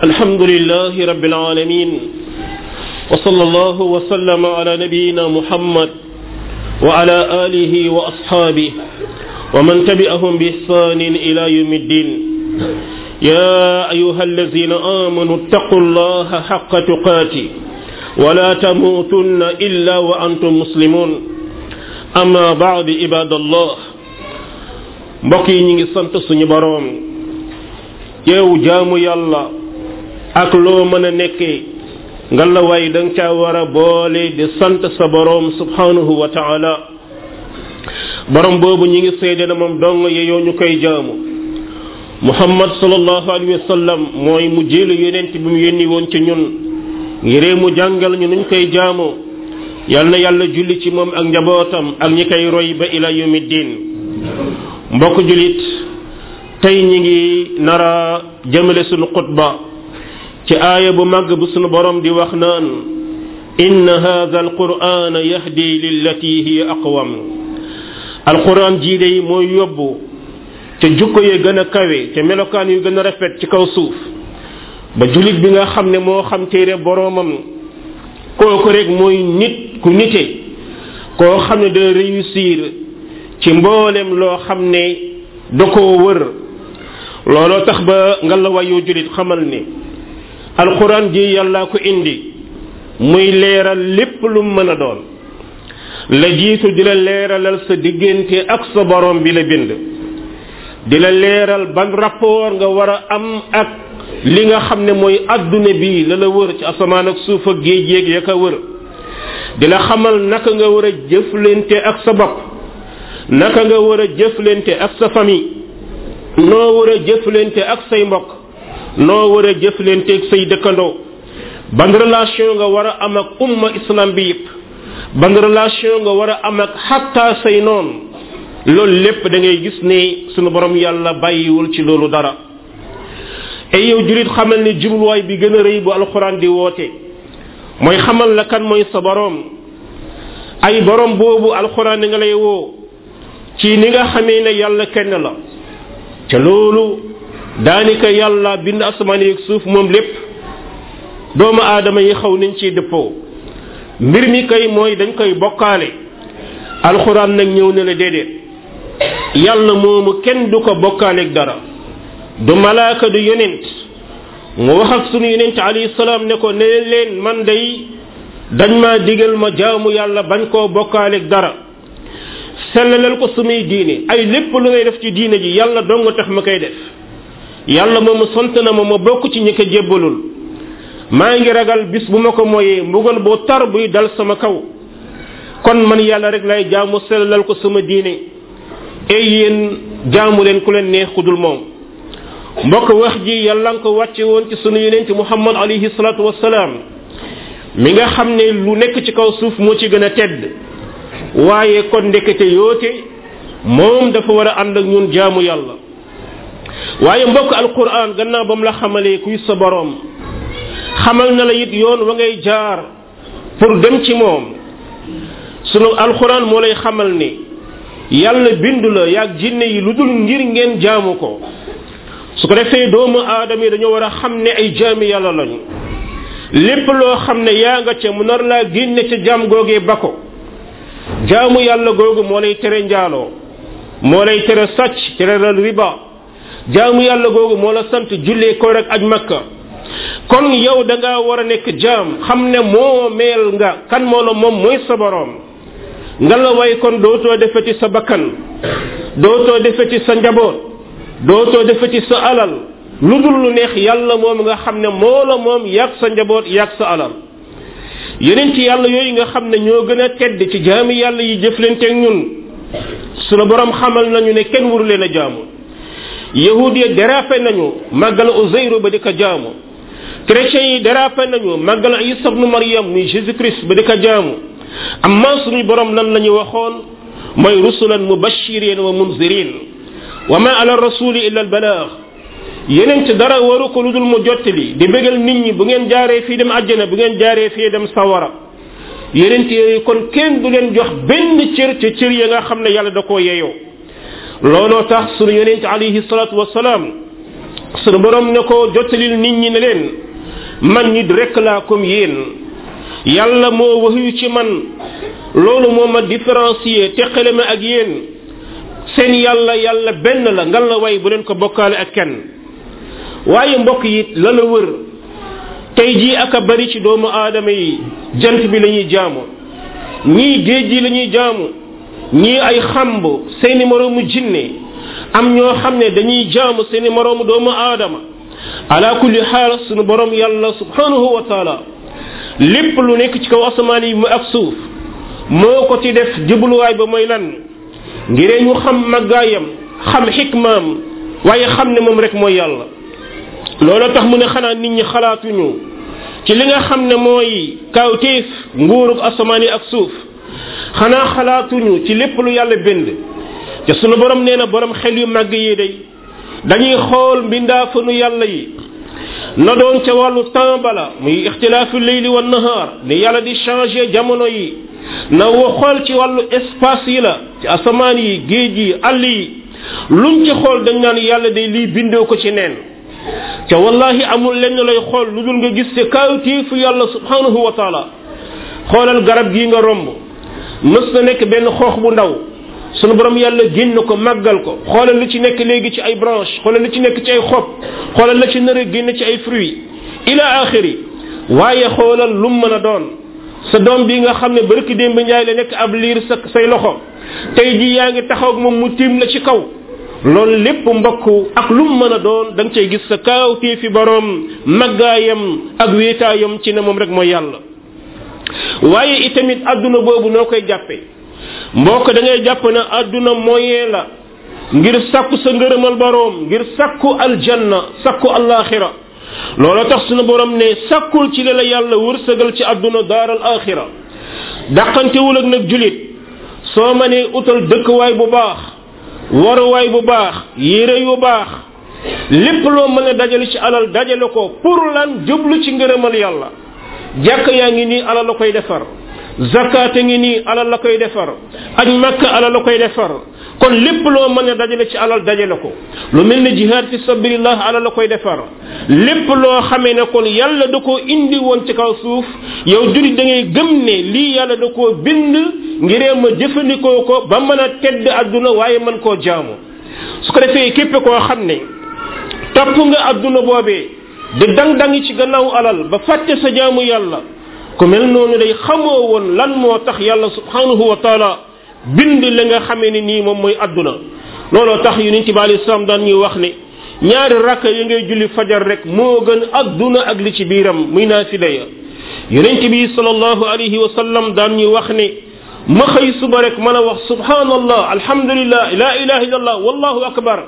alhamdulilahi rabbil alamin wa sallallahu wa sallama ala nabiyyina muhammad wa ala alihi wa ashabihi wa man tabi'ahum bi ihsanin ila yawmiddin ya ayyuhallazina amanu ittaqullaha haqqa tuqati wa la tamutunna illa wa antum muslimun amma ba'du ibadallah mbokk yi ñu ngi sant suñu boroom yeewu jaamu yàlla ak loo mën a nekkee ngalawaay da nga caa war a boole di sant sa boroom subhanahu wa ta'ala boroom boobu ñu ngi seede na moom dong yeyoo ñu koy jaamu muhammad sallallahu alayhi wa sallam mooy mu jéelu yonent bi mu yónni woon ci ñun ngiree mu jàngal ñu nuñ koy jaamoo yal yàlla julli ci moom ak njabootam ak ñi koy roy ba ila yawmiddin mbokk jullit tey ñi ngi nara jëmale sunu xutba ci aaya bu màgg bu sunu boroom di wax naan in hadha alquran yahdi lillati hiya aqwam alquran jii de mooy yóbbu ca jukko ye gën a kawe ca melokaan yu gën a rafet ci kaw suuf ba jullit bi nga xam ne moo xam téere boroomam kooku rek mooy nit ku nite koo xam ne da réussir ci mboolem loo xam ne da ko wër looloo tax ba nga la wayu jullit xamal ni alxuraan ji yàllaa ko indi muy leeral lépp lu mën a doon la jiitu di la leeralal sa diggante ak sa borom bi la bind di la leeral ban rapport nga war a am ak li nga xam ne mooy adduna bi la la wër ci asamaan ak suuf ak géej yéeg ya ko wër di la xamal naka nga war a jëflante ak sa bopp naka nga war a jëflante ak sa famille noo war a jëflante ak say mbokk noo war a jëflanteeg say dëkkandoo ban relation nga war a am ak umma islam bi yëpp ban relation nga war a am ak xatta say noonu loolu lépp da ngay gis ne sunu boroom yàlla bàyyiwul ci loolu dara ay yow julit xamal ne jubluwaay bi gën a rëy bu alxuraan di woote mooy xamal la kan mooy sa borom ay borom boobu alxuraan nga lay woo ci ni nga xamee ne yàlla kenn la ca loolu daanaka yàlla bind asamaan yeeg suuf moom lépp doomu aadama yi xaw nañ ci dëppoo mbir mi kay mooy dañ koy bokkaale alxuraan nag ñëw na la déedéet yàlla moomu kenn du ko bokkaaleeg dara du malaaka du yonent mu wax ak sunu yonent alayhi salaam ne ko ne leen man day dañ ma digal ma jaamu yàlla bañ koo bokkaaleeg dara sellalal ko sumuy diine ay lépp lu ngay def ci diine ji yàlla dong tax ma koy def yàlla moomu sant na ma ma bokk ci ñi ko jébbalul maa ngi ragal bis bu ma ko moyee mbugal boo tar buy dal sama kaw kon man yàlla rek lay jaamu sellalal ko sama diine ey yéen jaamu leen ku leen neex ku dul moom mbokk wax ji yàlla nga ko wàcce woon ci sunu yonente muhammad alayhi salatu wasalaam mi nga xam ne lu nekk ci kaw suuf moo ci gën a tedd waaye kon ndekete yoote moom dafa war a ànd ak ñun jaamu yàlla waaye mbokk alquran gannaaw ba mu la xamalee kuy sa boroom xamal na la it yoon wa ngay jaar pour dem ci moom sunu alquran moo lay xamal ni yàlla bindu la yaag jinne yi lu dul ngir ngeen jaamu ko su ko defee doomu aadam yi dañoo war a xam ne ay jaami yàlla lañu lépp loo xam ne yaa nga ca mu nar laa génne ca jaam googee ba ko jaamu yàlla googu moo lay tere njaaloo moo lay tere sàcc tere ral riba jaamu yàlla googu moo la sant julle ko rek aj makka kon yow danga war a nekk jaam xam ne moo meel nga kan moo la moom mooy sa boroom nga la way kon dootoo defeti sa bakkan dootoo defeti sa njaboot dootoo defeti sa alal lu dul lu neex yàlla moom nga xam ne moo la moom yàgg sa njaboot yàgg sa alal yeneen ci yàlla yooyu nga xam ne ñoo gën a tedd ci jaami yàlla yi jëflante ak ñun su la boroom xamal nañu ne kenn wuru leen a jaamu yahud yi dérapé nañu màggal Uzayru ba di ko jaamu chrétiens yi dérapé nañu màggal Isa ibnu Maryam muy Jésus Christ ba di ko jaamu amma suñu borom lan la ñu waxoon mooy rusulan mubashirin wa munzirin wa ma ala rasuli illa al balagh yeneen ci dara waru ko lu dul mu jottali di bégal nit ñi bu ngeen jaaree fii dem àjjana bu ngeen jaaree fii dem sawara yeneen yooyu kon kenn du leen jox benn cër ca cër nga xam ne yàlla da koo yeyoo looloo tax sunu yonent alayhi salaatu wasalaam sunu borom ne ko jottalil nit ñi ne leen man nit rek laa comme yéen yàlla moo waxyu ci man loolu moo ma différencier teqale ma ak yéen seen yàlla yàlla benn la ngal la way bu leen ko bokkaale ak kenn waaye mbokk yi la la wër tey jii ak a bari ci doomu aadama yi jant bi lañuy ñuy jaamu ñii géej gi lañuy jaamu ñii ay xamb seeni moroomu jinne am ñoo xam ne dañuy jaamu seeni moroomu doomu aadama ala kulli xaal sunu borom yàlla subhanahu wa taala lépp lu nekk ci kaw asamaan yi mu ak suuf moo ko ci def jubluwaay ba mooy lan ngiree ñu xam màggaayam xam xikmaam waaye xam ne moom rek mooy yàlla loolu tax mu ne xanaa nit ñi xalaatuñu ci li nga xam ne mooy kawtéef nguurug asamaan yi ak suuf xanaa xalaatuñu ci lépp lu yàlla bind te sunu borom nee na borom xel yu màgg yi day dañuy xool mbindaafanu yàlla yi na doon ca wàllu temps bala muy ixtilaafu leyli wa nahaar ni yàlla di changé jamono yi na wa xool ci wàllu espace yi la ci asamaan yi géej yi àll yi luñ ci xool dañ naan yàlla day lii bindoo ko ci neen ca wallahi amul lenn lay xool lu dul nga gis te kaawtiifu yàlla subhanahu wa taala xoolal garab gii nga romb mës na nekk benn xoox bu ndaw sunu borom yàlla génn ko maggal ko xoolal li ci nekk léegi ci ay branche xoolal li ci nekk ci ay xob xoolal la ci nar a génn ci ay fruits ila axiri waaye xoolal lu mu mën a doon sa doom bi nga xam ne barki démb njaay la nekk ab liir sa say loxo tey jii yaa ngi taxaw moom mu tiim la ci kaw loolu lépp mbokk ak lu mu mën a doon da nga cay gis sa kaaw fii fi borom màggaayam ak wéetaayam ci ne moom rek mooy yàlla waaye itamit àdduna boobu noo koy jàppee mboo ko ngay jàpp na àdduna moyen la ngir sakku sa ngërëmal borom ngir sakku aljanna sakku alaxira looloo tax sunu borom ne sakkul ci li la yàlla wërsëgal ci adduna daaral axira dàqantewul ak nag julit soo mënee utal dëkkuwaay bu baax waruwaay bu baax yére yu baax lépp loo mën a dajale ci alal dajale ko pour lan jublu ci ngërëmal yàlla jàkk yaa ngi nii alal la koy defar zakaata ngi nii alal la koy defar aj makka alal la koy defar kon lépp loo mën a dajale ci alal dajale ko lu mel ne jihaad fi sabilillah alal la koy defar lépp loo xamee ne kon yàlla da ko indi woon ci kaw suuf yow jullit da ngay gëm ne lii yàlla da koo bind ngiree ma jëfandikoo ko ba mën a tedd adduna waaye mën koo jaamu su ko defee képp koo xam ne topp nga adduna boobee di dang-dangi ci gannaaw alal ba fàtte sa jaamu yàlla ku mel noonu day xamoo woon lan moo tax yàlla subhanahu wa taala bind li nga xamee ni nii moom mooy adduna looloo tax yonent bi alayhi salaam daan ñuy wax ne ñaari rakka yi ngay julli fajar rek moo gën adduna ak li ci biiram muy naafila ya yonent bi sallallahu alayhi wa sallam daan ñuy wax ne ma xëy suba rek mën a wax subhanallah alhamdulillah la ilaha illallah wallahu akbar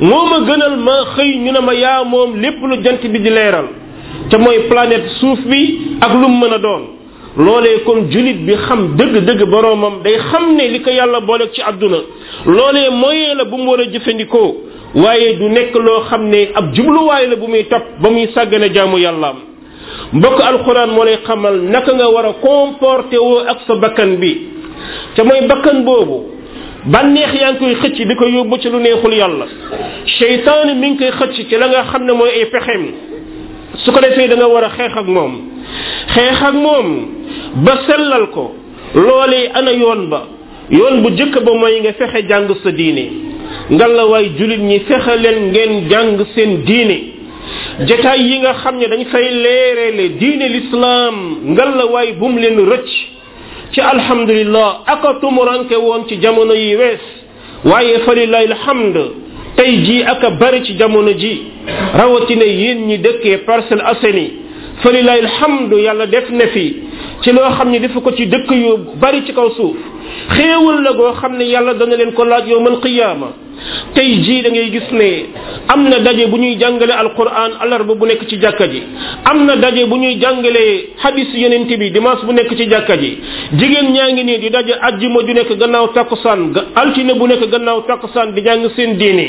moo ma gënal ma xëy ñu ne ma yaa moom lépp lu jant bi di leeral te mooy planète suuf bi ak lu mu mën a doon loole kon julit bi xam dëgg-dëgg boroomam day xam ne li ko yàlla booleeg ci àdduna loole moyen la bu mu war a jëfandikoo waaye du nekk loo xam ne ab jubluwaay la bu muy topp ba muy sàggane jaamu yàllaam mbokk alxuraan moo lay xamal naka nga war a comporté ak sa bakkan bi te mooy bakkan boobu bànneex yaa ngi koy xëcc di ko yóbbu ci lu neexul yàlla seytaane mi ngi koy xëcc ci la nga xam ne mooy ay pexeem su ko defee da nga war a xeex ak moom xeex ak moom ba sellal ko loolee ana yoon ba yoon bu jëkk ba mooy nga fexe jàng sa diine ngal la waay julit ñi fexe leen ngeen jàng seen diine jataay yi nga xam ne dañ fay leereele diine lislaam ngal la waay bum leen rëcc ci alhamdulillah aka tumuranke woon ci jamono yi wees waaye fa lillahi alhamd tey jii aka bari ci jamono ji rawatina yéen ñi dëkkee Parcelles Assainies fa lillahi alhamd yàlla def na fi ci loo xam ne dafa ko ci dëkk yu bari ci kaw suuf xéewal la goo xam ne yàlla dana leen ko laaj yowmal qiyaama tey jii da ngay gis ne am na daje bu ñuy jàngale alquran alarba bu nekk ci jàkka ji am na daje bu ñuy jàngalee hadis yonent bi dimanche bu nekk ci jàkka ji jigéen ñaa ngi ne di daje ajjuma ju nekk gannaaw takkusaan ga altine bu nekk gannaaw takkusaan di jàng seen diine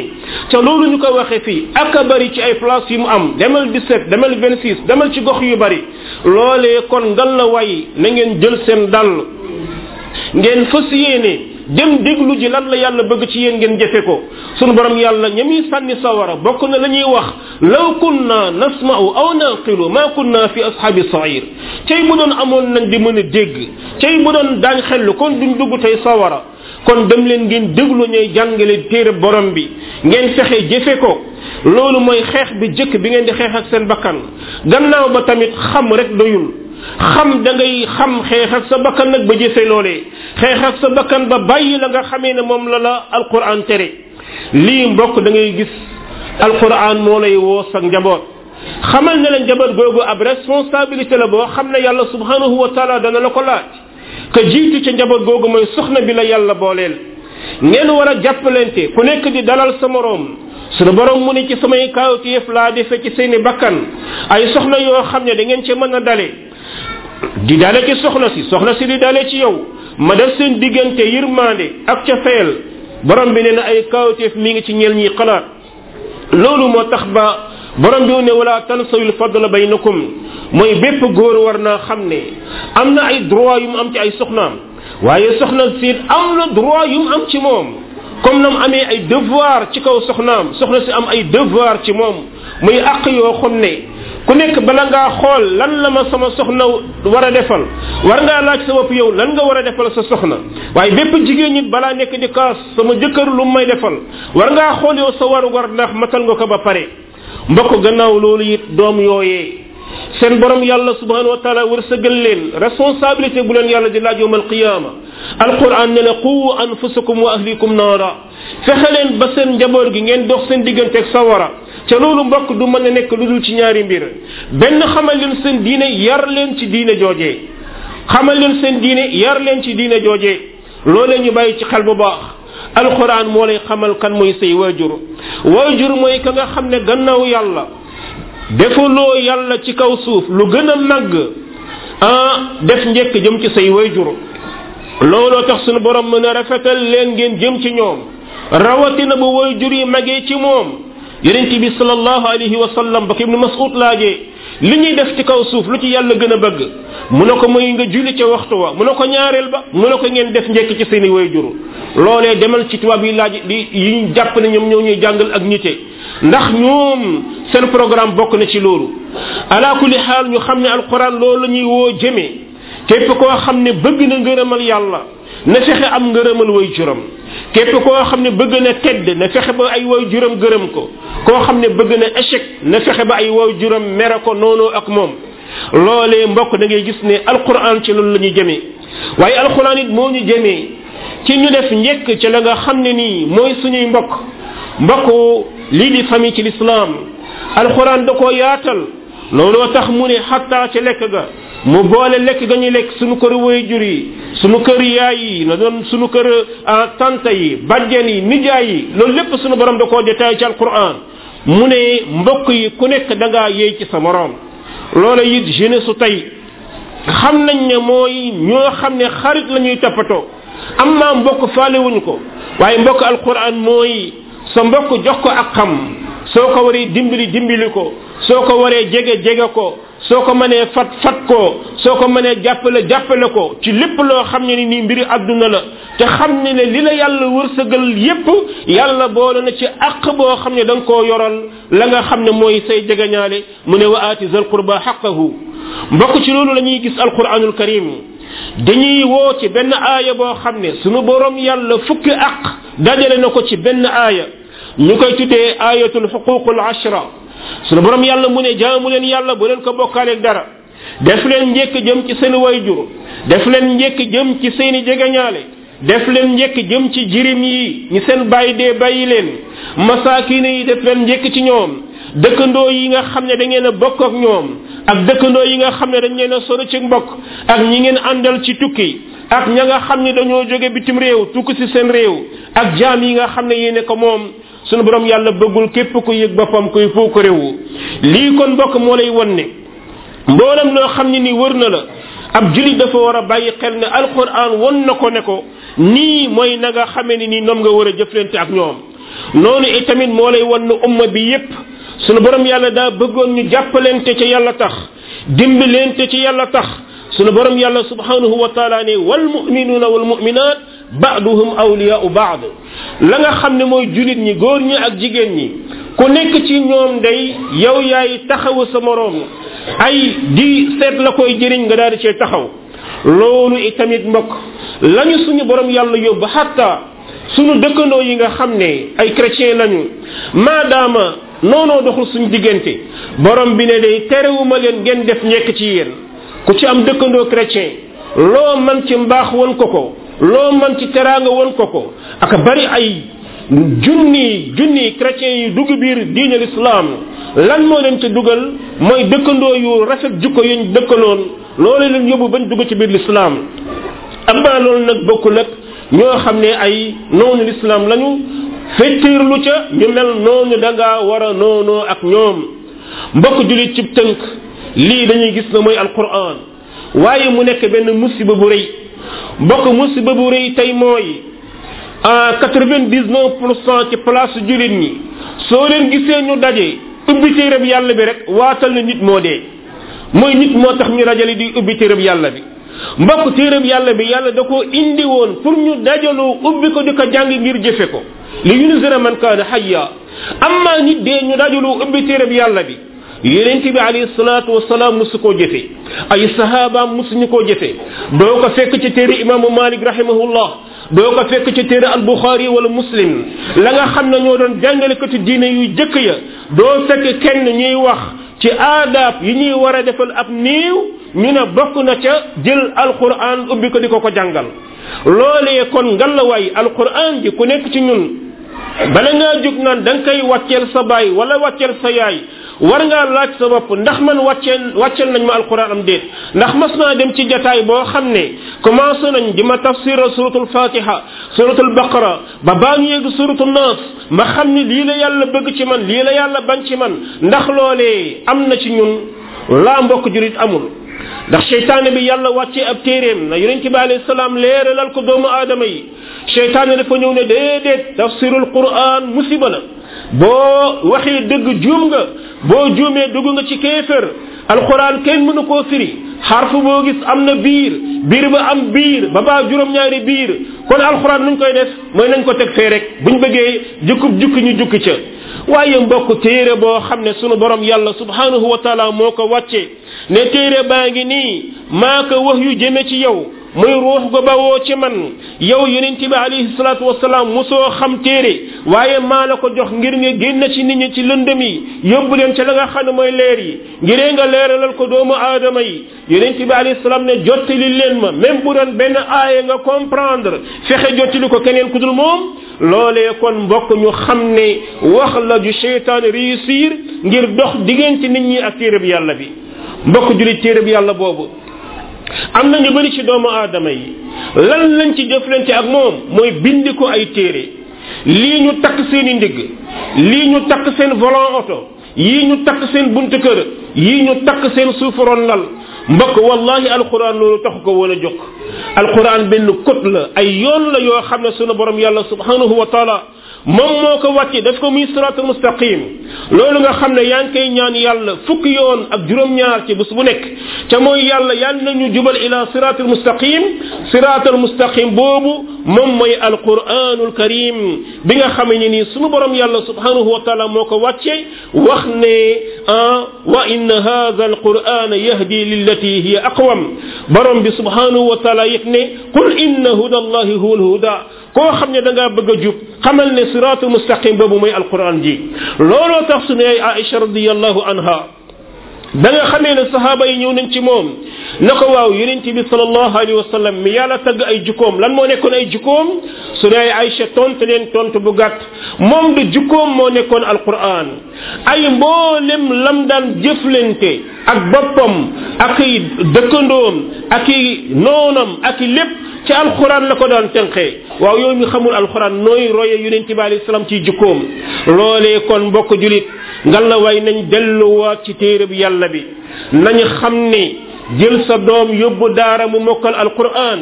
ca loolu ñu ko waxee fii ak bari ci ay place yu mu am demal 17 demal 26 demal ci gox yu bari loole kon ngal la way na ngeen jël seen dàll ngeen fas yéene dem déglu ji lan la yàlla bëgg ci yéen ngeen jëfe ko sunu borom yàlla ña muy sànni sawara bokk na la ñuy wax law kunna nasma'u aw naqilu ma kunna fi ashabi sa'ir tey bu doon amoon nañ di mën a dégg tey bu doon daañ xellu kon duñ dugg tey sawara kon dem leen ngeen déglu ñooy jàngale téere borom bi ngeen fexe jëfe ko loolu mooy xeex bi jëkk bi ngeen di xeex ak seen bakkan gannaaw ba tamit xam rek doyul xam da ngay xam xeex sa bakkan nag ba jëfe loolee xeex sa bakkan ba bàyyi la nga xamee ne moom la la alquran tere lii mbokk da ngay gis alquran moo lay woo ak njaboot xamal ne la njaboot googu ab responsabilité la boo xam ne yàlla subhanahu wa taala dana la ko laaj ka jiitu ca njaboot googu mooy soxna bi la yàlla booleel ngeen war a jàppalante ku nekk di dalal sa moroom ne borom mu ne ci samay kaawteef laa defe ci seeni bakkan ay soxna yoo xam ne da ngeen ci mën a dale di dale ci soxna si soxna si di dale ci yow ma def seen diggante yërmande ak ca feyel borom bi nee na ay kawteef mi ngi ci ñeel ñiy xalaat loolu moo tax ba borom bi ne wala tansawil fadla kom mooy bépp góor war naa xam ne am na ay droit yu mu am ci ay soxnaam waaye soxna si am yu am ci moom comme nam amee ay devoir ci kaw soxnaam soxna si am ay devoir ci moom muy àq yoo xam ne ku nekk bala ngaa xool lan la ma sama soxna war a defal war ngaa laaj sa bopp yow lan nga war a defal sa soxna waaye bépp jigéen ñi balaa nekk di kaas sama jëkkër lu may defal war ngaa xool yow sa war war ndax matal nga ko ba pare mbokk gannaaw loolu it doom yooyee seen borom yàlla subhanahu war sa wërsëgal leen responsabilité bu leen yàlla di laaj yowmal qiyaama alquran ne ne qu anfusakum wa ahlikum naara fexe leen ba seen njaboot gi ngeen dox seen digganteeg sawara ca loolu mbokk du mën a nekk lu dul ci ñaari mbir benn xamal leen seen diine yar leen ci diine jooje xamal leen seen diine yar leen ci diine joojee loolee ñu bàyyi ci xel bu baax alxuraan moo lay xamal kan mooy say waajur waajur mooy ka nga xam ne gannaaw yàlla defuloo yàlla ci kaw suuf lu gën a màgg ah def njëkk jëm ci say waajur looloo tax sunu borom mën a rafetal leen ngeen jëm ci ñoom rawatina bu waajur yi magee ci moom yonent bi sallallahu alayhi wa sallam ba ko ibnu mas'ud laajee li ñuy def ci kaw suuf lu ci yàlla gën a bëgg mu ne ko mooy nga julli ca waxtu wa mu ne ko ñaareel ba mu ne ko ngeen def njekk ci seeni wayjur loolee demal ci tubaab yi laaj di yi ñu jàpp ne ñoom ñoo ñuy jàngal ak nite ndax ñoom seen programme bokk na ci loolu ala kulli xaal ñu xam ne alquran loolu la ñuy woo jëmee te koo xam ne bëgg na ngërëmal yàlla ne fexe am ngërëmal wayjuram képp koo xam ne bëgg na tedd na fexe ba ay waw juram gërëm ko koo xam ne bëgg na échec na fexe ba ay waw juram mere ko noonu ak moom loolee mbokk da ngay gis ne alquran ci loolu la ñu jëmee waaye alquran it moo ñu jëmee ci ñu def njëkk ci la nga xam ne nii mooy suñuy mbokk mbokk lii di famille ci lislaam alquran da koo yaatal looloo tax mu ne xattaa ci lekk ga mu boole lekk ga ñu lekk suñu kër way jur yi sunu kër yaay yi na doon sunu kër tante yi bàjjen yi nijaay yi loolu lépp nu borom da koo détaillé ci alquran mu ne mbokk yi ku nekk da ngaa yéey ci sa morom loola it jeunesse su tey xam nañ ne mooy ñoo xam ne xarit la ñuy toppatoo am naa mbokk faalewuñ ko waaye mbokk alquran mooy sa mbokk jox ko ak xam soo ko waree dimbali dimbali ko soo ko waree jege jege ko soo ko mënee fat fat ko soo ko mënee jàppale jàppale ko ci lépp loo xam ne ni mbiri àdduna la te xam ne ne li la yàlla wërsëgal yépp yàlla boole na ci àq boo xam ne da koo yoral la nga xam ne mooy say jegeñaale mu ne wa aati zal qurba xaqahu mbokk ci loolu la ñuy gis alquranul karim dañuy woo ci benn aaya boo xam ne sunu borom yàlla fukki àq dajale na ko ci benn aaya ñu koy tuddee ayatul xuququl ashra sunu boroom yàlla mu ne mu leen yàlla bu leen ko bokkaaleeg dara def leen njëkk jëm ci seeni seen wayjur def leen njekk jëm ci seeni jegeñaale def leen njëkk jëm ci jirim yi ñi seen bàyyi dee bàyyi leen masaakiine yi def leen njëkk ci ñoom dëkkandoo yi nga xam ne da ngeen a bokk ak ñoom ak dëkkandoo yi nga xam ne dañ leen a soro ci mbokk ak ñi ngeen àndal ci tukki ak ña nga xam ne dañoo jóge bitim réew tukki ci seen réew ak jaam yi nga xam ne yéene ko sunu borom yàlla bëggul képp ku yëg boppam kuy foo ko réewu lii kon mbokk moo lay won ne mboolem loo xam ne ni wër na la ab jullit dafa war a bàyyi xel ne alquran won na ko ne ko nii mooy na nga xamee ni nii noom nga war a jëflante ak ñoom noonu itamit moo lay won ne umma bi yépp sunu borom yàlla daa bëggoon ñu jàppalente ca yàlla tax dimbalente ci yàlla tax sunu borom yàlla subhanahu wa taala ne wal muminuuna wal muminat baaduhum awliyaau baad la nga xam ne mooy jullit ñi góor ñi ak jigéen ñi ku nekk ci ñoom day yow yaay taxawu sa moroom ay di seet la koy jëriñ nga daal di cee taxaw loolu itamit mbokk lañu suñu borom yàlla yóbbu hatta suñu dëkkandoo yi nga xam ne ay chrétien lañu maadaama noonoo doxul suñu diggante borom bi ne day terewuma leen ngeen def nekk ci yéen ku ci am dëkkandoo chrétien loo man ci mbaax woon ko ko loo man ci teraanga won ko ko ak bari ay junni junni chrétiens yu dugg biir diine l'islam lan moo leen ci dugal mooy dëkkandoo yu rafet jukko yuñ dëkkaloon loolu leen yóbbu bañ dugg ci biir l'islam am naa loolu nag bokkul nag ñoo xam ne ay noonu l'islam lañu fettirlu ca ñu mel noonu da ngaa war a ak ñoom mbokk jullit ci tënk lii dañuy gis nga mooy alquran waaye mu nekk benn musiba bu rëy mbokk musiba bu rëy tey mooy en quatre-vingt-dix-neuf pour cent ci place jullit ñi soo leen gisee ñu daje ubbi téereb yàlla bi rek waatal na nit moo dee mooy nit moo tax ñu dajale di ubbi téereb yàlla bi mbokk téereb yàlla bi yàlla da ko indi woon pour ñu dajaloo ubbi ko di ko jàng ngir jëfe ko li yunzira man kaana hayya amma nit dee ñu dajaloo ubbi téereb yàlla bi yonent bi alayhi salaatu wasalaam musu koo jëfee ay sahabaam mosuñu koo jëfee doo ko fekk ci téere imaamu malik rahimahullah doo ko fekk ci téere albuxaari wala muslim la nga xam na ñoo doon jàngale jàngalekatu diine yu jëkk ya doo fekk kenn ñuy wax ci adaab yi ñuy war a defal ab néew ñu ne bokk na ca jël alquran ubbi ko di ko ko jàngal loolee kon ngalawaay alquran ji ku nekk ci ñun bala nga jóg naan da nga koy wàcceel sa baay wala wàcceel sa war ngaa laaj sa bopp ndax man wàcceel wàcceel nañ ma alquran am déet ndax mas naa dem ci jataay boo xam ne commencé nañ ji ma tafsira suratul fatiha suratul baqara ba baa ñu yegg suratul nas ma xam ne lii la yàlla bëgg ci man lii la yàlla bañ ci man ndax loolee am na ci ñun laa mbokk jurit amul ndax seytaane bi yàlla wàccee ab téeréem na yonent bi alayhi salaam lal ko doomu aadama yi seytaane dafa ñëw ne déedéet tafsirul quran musiba la boo waxee dëgg juum nga boo juumee dugg nga ci kéefër alxuraan kenn mënu koo firi xarfu boo gis am na biir biir ba am biir ba baa juróom-ñaari biir kon alxuraan nuñ koy def mooy nañ ko teg fee rek buñ bëggee jukkub jukki ñu jukki ca waaye mbokk téere boo xam ne sunu borom yàlla subhanahu wa taala moo ko wàcce ne téere baa ngi nii maa ko wax yu jëme ci yow muy ruux gu bawoo ci man yow yonent bi alayhi salaam wasalaam mosoo xam téere waaye maa la ko jox ngir nga génn ci nit ñi ci lëndëm yi yóbbu leen ci la nga xam ne mooy leer yi ngiree nga leeralal ko doomu aadama yi yonent bi alayhi salaam ne jottali leen ma même bu doon benn aaya nga comprendre fexe jottali ko keneen ku dul moom loole kon mbokk ñu xam ne wax la ju seytaan réussir ngir dox diggante nit ñi ak téere bi yàlla bi mbokk jullit téere bi yàlla boobu am na ñu bari ci doomu aadama yi lan lañ ci jëflante ak moom mooy bind ko ay téere lii ñu takk seen i ndigg lii ñu takk seen volant oto yii ñu takk seen buntu kër yii ñu takk seen suufaroon lal mbokk wallahi alquran loolu taxu ko woon a jóg alquran benn code ay yoon la yoo xam ne sunu borom yàlla subhanahu wa taala moom moo ko wàcce daf ko muy siraatul mustaqim loolu nga xam ne yaa ngi koy ñaan yàlla fukki yoon ak juróom-ñaar ci bés bu nekk ca mooy yàlla yàlla nañu jubal ila siraatul mustaqim siraatul mustaqim boobu moom mooy alquranul karim bi nga xam ni nii sunu borom yàlla subhanahu wa taala moo ko wàcce wax ne ah wa inna hadha alquran yahdi lillati hiya aqwam borom bi subhanahu wa taala yëg ne qul inna huda allahi huwa alhuda koo xam ne da ngaa bëgg a jub xamal ne siraatul mustaqim boobu mooy alquran ji looloo tax suñu yaay Aïcha radiyallahu anha da nga xamee ne saxaaba yi ñëw nañ ci moom na ko waaw yonent bi sallallahu alayhi wa sallam mi yàlla tagg ay jukkoom lan moo nekkoon ay jukkoom su dee Aysa tontu leen tontu bu gàtt moom du jukkoom moo nekkoon alquran ay mboolem lam daan jëflante ak boppam ak i dëkkandoom ak i noonam ak i lépp ci alxuraan la ko daan tënkee waaw yow ñu xamul alxuraan nooy roye yonent bi alayhi salaam ci jikkoom loolee kon mbokk julit ngal la way nañ delluwaat ci téere bu yàlla bi nañu xam ni jël sa doom yóbbu daara mu mokkal alquran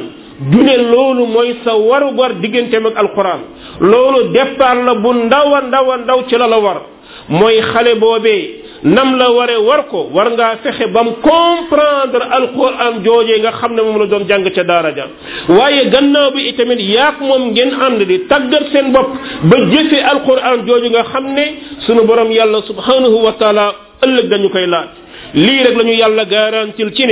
du ne loolu mooy sa waru war digganteem ak alquran loolu départ la bu ndaw a ndaw ndaw ci la la war mooy xale boobee nam la waree war ko war ngaa fexe ba mu comprendre alquran joojee nga xam ne moom la doon jàng ca daara ja waaye gannaaw bi itamit yaak moom ngeen ànd di tàggat seen bopp ba jëfee alquran jooju nga xam ne sunu borom yàlla subhanahu wa taala ëllëg dañu koy laaj lii rek la ñu yàlla garantil ci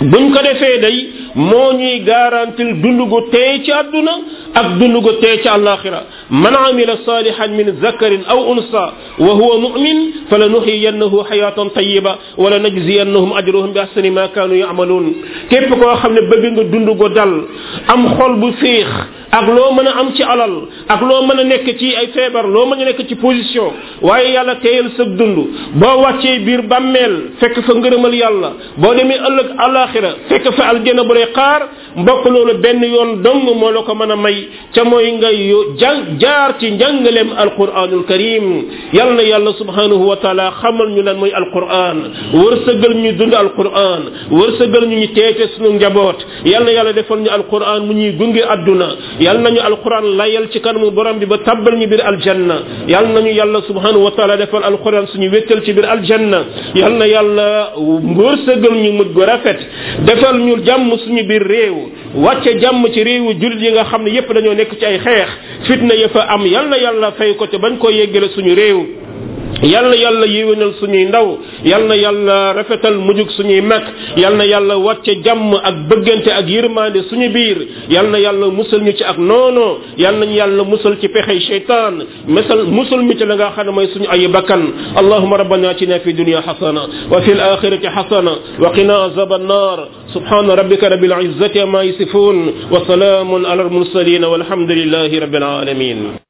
buñ ko defee day moo ñuy garantil dund gu tey ci àdduna ak dund gu tey ci àllaaxira man amila salihan min zakarin aw unsa wa huwa mumin fa la nuxiyannahu xayaatan tayiba wala najziyannahum ajrahum bi ahsani ma kaanu yamaluun képp koo xam ne bëgg nga dund gu dal am xol bu féex ak loo mën a am ci alal ak loo mën a nekk ci ay feebar loo mën a nekk ci position waaye yàlla teyal sa dund boo wàccee biir bàmmeel fekk fa ngërëmal yàlla boo demee ëllëg alaxira fekk fa aljana bu lay xaar mbokk loolu benn yoon dong moo la ko mën a may ca mooy ngay jàng jaar ci njàngaleem alquranul karim yal na yàlla subhanahu wa taala xamal ñu lan mooy alquran wërsëgal ñu dund alquran wërsëgal ñu ñu teete sunu njaboot yal na yàlla defal ñu alquran mu ñuy gunge adduna yal nañu alquran layal ci kanamu borom bi ba tàbbal ñu biir aljanna yal nañu yàlla subhanahu wa taala defal alquran suñu wéttal ci biir aljanna yal na yàlla wërsëgal ñu mujj gu rafet defal ñu jàmm suñu biir réew wàcce jàmm ci réew jullit yi nga xam ne yépp dañoo nekk ci ay xeex fitna ya fa am yal na yàlla fay ko te bañ koo yeggale suñu réew yal na yàlla yéwénal suñuy ndaw yal na yàlla rafetal mujjug suñuy mag yal na yàlla wàcce jàmm ak bëggante ak yërmande suñu biir yal na yàlla musal ñu ci ak noono yal nañu yàlla musal ci pexey sheytaan musal musal mi ci la nga xam ne mooy suñu ay bakkan allahuma rabbana atina fi dunya xasana wa fi alaxirati xasana wa qina azaba annar subhana rabbika rabbil izzati ama yasifun wa salaamun ala almursalin walhamdulillahi rabbil alamin